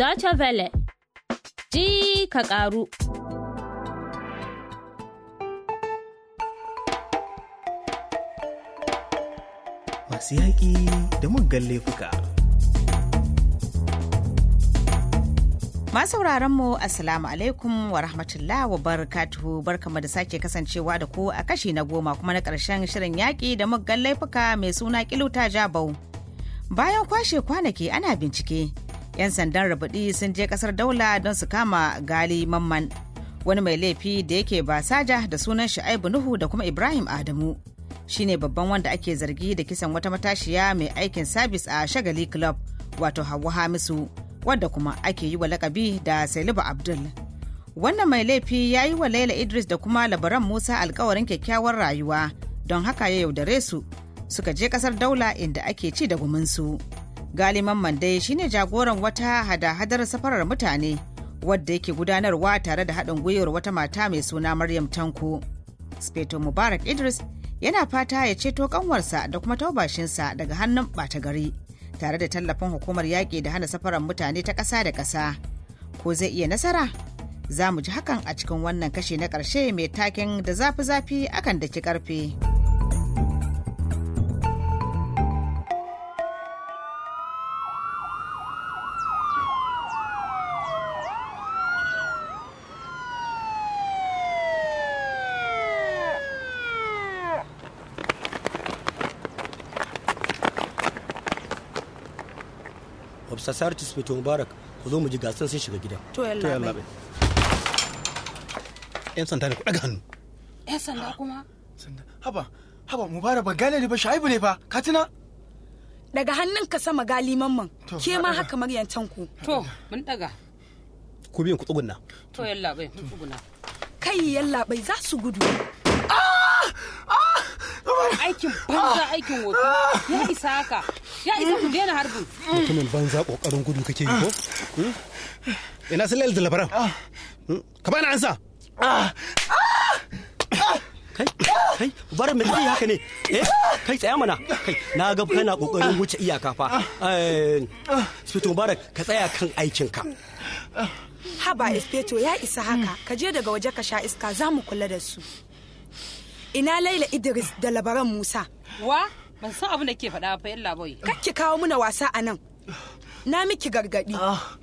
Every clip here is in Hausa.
Deutsche Welle, ji ka ƙaru. Masu yaƙi da muggan laifuka. Masu mu Assalamu alaikum wa rahmatullah wa barakatuhu bar da sake kasancewa da ku a kashi na goma kuma na ƙarshen shirin yaƙi da muggan laifuka mai suna ta jabau. Bayan kwashe kwanaki ana bincike. 'yan sandan rabadi sun je kasar daula don su kama gali mamman wani mai laifi da yake basaja da sunan shu'aibu nuhu da kuma ibrahim adamu shine babban wanda ake zargi da kisan wata matashiya mai aikin sabis a shagali club wato hawa hamisu wadda kuma ake yi wa lakabi da sailiba abdul wannan mai laifi ya yi wa laila idris da kuma labaran musa alkawarin kyakkyawar rayuwa don haka ya yaudare su suka je kasar daula inda ake ci da guminsu. su galiman mandai shine jagoran wata hada-hadar safarar mutane wadda yake gudanarwa tare da haɗin gwiwar wata mata mai suna maryam tanko speto mubarak idris yana fata ya ceto kanwarsa da kuma taubashinsa daga hannun ɓata gari tare da tallafin hukumar yaƙi da hana safarar mutane ta ƙasa da ƙasa ko zai iya nasara za mu ji hakan a cikin wannan kashe na ƙarshe mai taken da zafi-zafi akan da ki ƙarfe. of societies fito mubarak ku zo mu ji gasan sun shiga gida to yalla bai yan sanda ne ku daga hannu yan sanda kuma sanda haba haba mubarak ba gane ne ba shaibu ne ba katina daga hannun ka sama gali mamman ke ma haka maryantan ku to mun daga ku biyan ku tsuguna to yalla bai ku tsuguna kai yalla bai za su gudu ah! Ah! aikin banza aikin wato ya isa haka ya isa ku daina harbi. mutumin banza kokarin gudu kake yi ko hmm? ina su lail da labaran ah. hmm? ka bani ansa ah. Ah. kai kai bari me zai haka ne eh kai tsaya mana kai na ga kana kokarin wuce iyaka fa eh, Sufito Mubarak ka tsaya kan aikinka haba espeto ya isa haka hmm. ka je daga waje ka sha iska za mu kula da su ina laila idris da labaran musa wa Ban san abin da ke faɗa fa yalla boy. Kakki kawo muna wasa a nan. Na miki gargaɗi.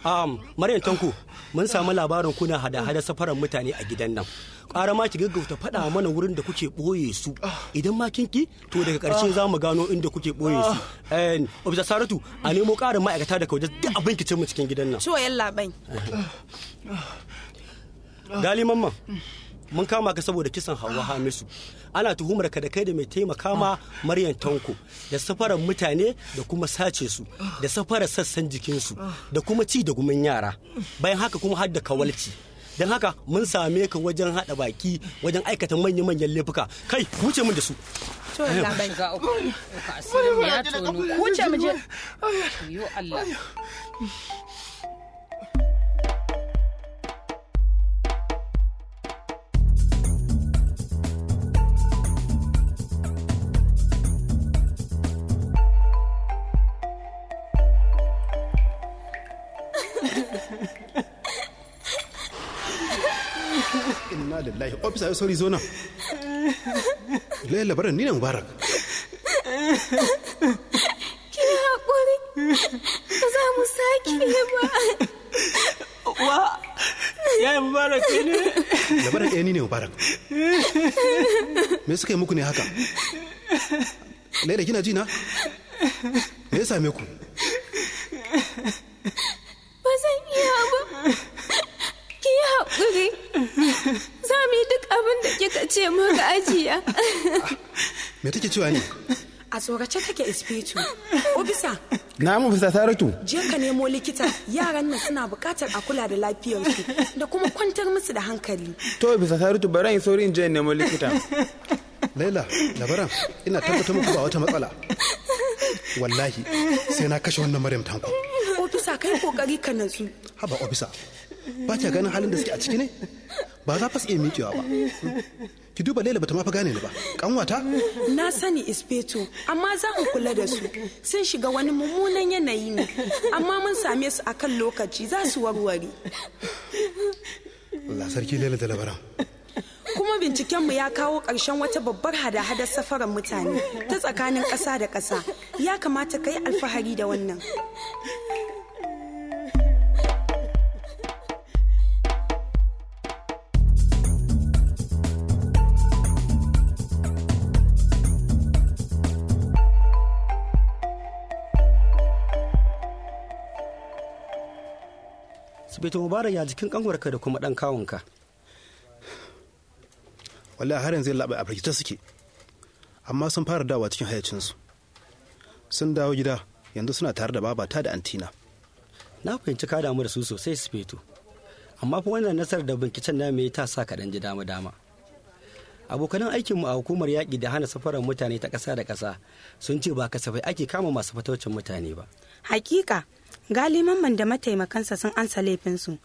Um, Maryam Tanko, mun samu labarin kuna hada-hada safaran mutane a gidan nan. ƙara ma ki gaggauta faɗa mana wurin da kuke ɓoye su idan ma kinki to daga ƙarshe za mu gano inda kuke ɓoye su obisa saratu a nemo ƙarin ma'aikata da kawai duk abin ki mu cikin gidan nan yalla labai gali mamman mun kama ka saboda kisan hawa hamisu ana tuhumar ka da kai da mai taimaka ma maryam tanko da safarar mutane da kuma sace su da safarar sassan jikinsu da kuma ci da gumin yara bayan haka kuma har kawalci don haka mun same ka wajen hada baki wajen aikata manya-manyan laifuka kai wuce mun da su inna lillahi ofisa ya sauri zo nan lai labaran ni ne mubarak ki haƙuri ba za mu sake ba wa ya yi mubarak ne labaran ɗaya ni ne mubarak me suka yi muku ne haka lai da kina ji na me ya same ku Za mu yi duk abin da kika ce maka ajiya. Me take cewa ne? A tsorace take ispeto. Obisa. Na mu bisa Je ka nemo likita yaran nan suna bukatar a kula da lafiyarsu da kuma kwantar musu da hankali. To bisa taratu bari in saurin je nemo likita. Laila, labaran ina tabbatar muku ba wata matsala. Wallahi sai na kashe wannan Maryam tanko. Obisa kai kokari ka natsu. Haba ofisa. Ba ta ganin halin da suke a ciki ne? ba za fa iya mikewa ba ki duba laila bata ma gane ni ba kanwata na sani ispeto amma za mu kula da su sun shiga wani mummunan yanayi ne amma mun same su akan lokaci za su warware la sarki laila da labaran kuma bincikenmu ya kawo ƙarshen wata babbar hada-hadar safarar mutane ta tsakanin ƙasa da ƙasa ya kamata ka yi alfahari da wannan beto Mubarak ya jikin ka da kuma dan kawunka. Wallahi har yanzu labai a firgita suke. Amma sun fara dawa cikin hayacinsu. Sun dawo gida yanzu suna tare da babata da antina. Na fahimci ka damu da su sosai Sufeto. Amma fa wannan nasarar da binkicen na mai ta sa ka kaɗan ji dama-dama. abokanan aikinmu a hukumar yaƙi da hana safarar mutane ta ƙasa da ƙasa sun ce ba kasafai ake kama masu fataucin mutane ba. Hakika galiman da mataimakansa sun ansa laifinsu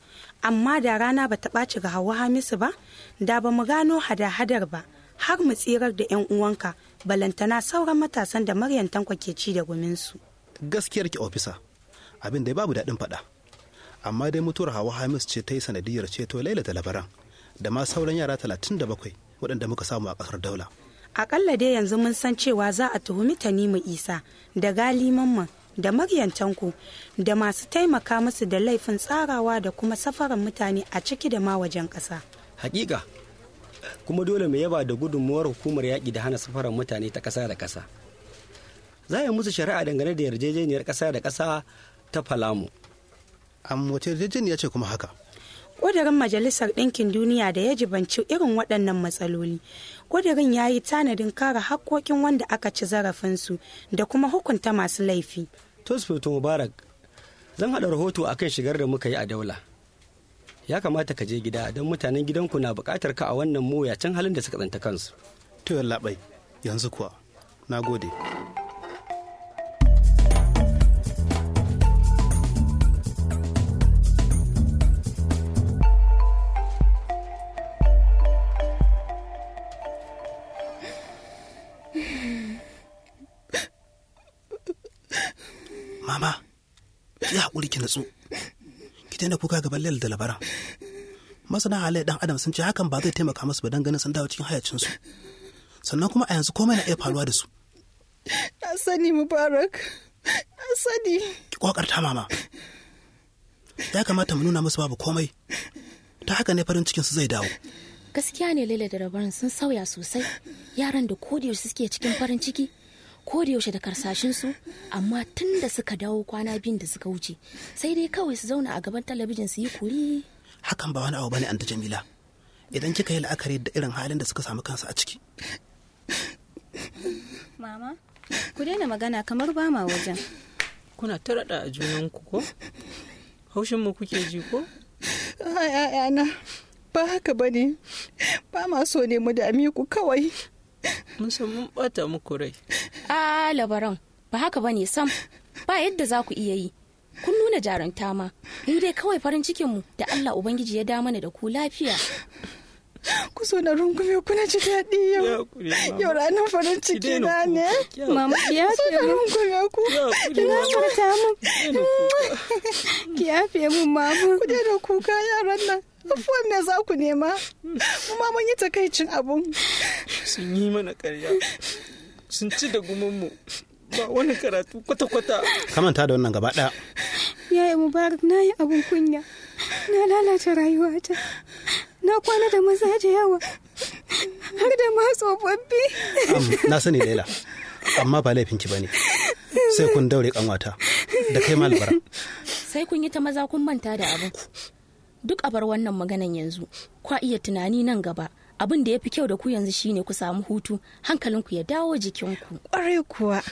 amma da rana ba ta ɓaci ga hawa hamisu ba da ba mu gano hada-hadar ba har mu tsirar da 'yan uwanka balantana sauran matasan da maryan tanko ke ci da guminsu gaskiyar ki ofisa abin da ya babu daɗin faɗa amma dai mutuwar hawa hamis ce ta yi sanadiyar ceto laila da labaran da ma sauran yara talatin da bakwai waɗanda muka samu a ƙasar daula aƙalla dai yanzu mun san cewa za a tuhumi tanimu isa da galiman da maryantanku da masu taimaka musu da laifin tsarawa da kuma safarar mutane a ciki da ma wajen ƙasa. Hakika, kuma dole mai yaba da gudunmuwar hukumar yaƙi da hana safarar mutane ta ƙasa da ƙasa. Za a musu shari'a dangane da yarjejeniyar ƙasa da ƙasa ta Falamu. Amma wata yarjejeniya ce kuma haka? kudirin majalisar ɗinkin duniya da ya jibanci irin waɗannan matsaloli kudirin ya yi tanadin kare haƙƙoƙin wanda aka ci zarafinsu da kuma hukunta masu laifi tosfoto mubarak zan haɗa rahoto a kan shigar da muka yi a daula ya kamata ka je gida don mutanen gidanku na buƙatar ka a wannan mawuyacin halin da suka tsanta kansu to yallaɓai yanzu kuwa na gode ki hakuri ki natsu ki daina kuka gaban lal da labara masana halayyar dan adam sun ce hakan ba zai taimaka musu ba dan ganin sun dawo cikin su sannan kuma a yanzu komai na iya faruwa da su na sani mubarak na sani ki kokarta mama ya kamata mu nuna musu babu komai ta haka ne farin cikin su zai dawo gaskiya ne lele da rabarin sun sauya sosai yaran da kodiyar suke cikin farin ciki ko da yaushe da karsashin su amma tun da suka dawo kwana biyun da suka wuce sai dai kawai su zauna a gaban talabijin su yi kuri hakan ba wani abu bane anta jamila idan kika yi la'akari da irin halin da suka samu kansu a ciki mama ku daina magana kamar ba ma wajen kuna ta raɗa a ku ko haushin mu kuke ji ko ayayana ba haka ba ba ma so ne mu da amiku kawai mun san mun bata muku rai a labaran ba haka ba ne sam ba yadda za ku iya yi kun nuna jarumta ma ni dai kawai farin cikinmu da allah ubangiji ya dama mana da ku lafiya ku so na rungume kuna ji daɗi yau yau ranar farin ciki na ne mama ya ce na rungume ku ki gafarta min ki ya fiye min mama ku da kuka yaran nan afuwan me za ku nema mu ma mun yi takaicin abun sun yi mana ƙarya sun ci da gumanmu ba wani karatu kwata-kwata kamanta da wannan gaba ɗaya yaya mubarak na yi abin kunya na lalata rayuwata na kwana da maza da yawa har da ma tsofaffi na sani laila amma ba laifinki ba ne sai kun daure kanwata da kai malbara sai kun yi ta maza kun manta da abinku duk a bar wannan maganan yanzu kwa iya tunani nan gaba abin da ya fi kyau da ku yanzu shine ku samu hutu hankalinku ya dawo jikinku ƙwarai kuwa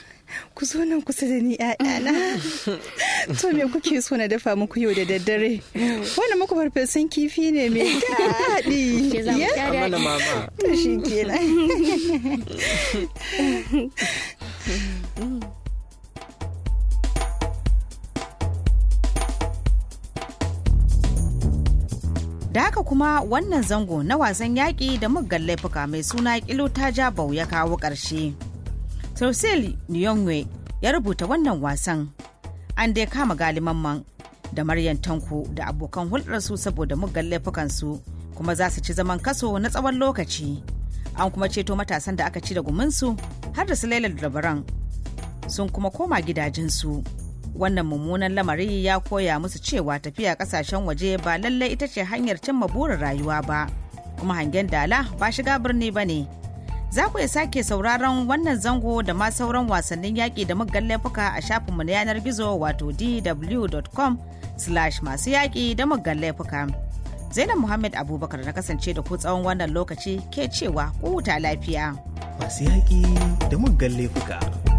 ku zo nan kusa da ni na. to me kuke so na dafa muku yau da daddare wani muku farfesun kifi ne mai daɗi ya mana mama shi kenan Da haka kuma wannan zango na wasan yaƙi da muggan laifuka mai suna kilo ta ja bau ya kawo ƙarshe. Tosil Nyongwe ya rubuta wannan wasan. An dai kama galiman man da Maryam Tanko da abokan hulɗarsu saboda muggan laifukansu kuma za su ci zaman kaso na tsawon lokaci. An kuma ceto matasan da aka ci da guminsu har da su Laila da sun kuma koma gidajensu. wannan mummunan lamari ya koya musu cewa tafiya kasashen waje ba lallai ita ce hanyar cimma burin rayuwa ba kuma hangen dala ba shiga birni ba ne za ku iya sake sauraron wannan zango da ma sauran wasannin yaƙi da muggan laifuka a shafinmu na yanar gizo wato dw.com slash masu yaƙi da muggan laifuka zainab muhammad abubakar na kasance da ku tsawon wannan lokaci ke cewa ku huta lafiya masu yaƙi da muggan laifuka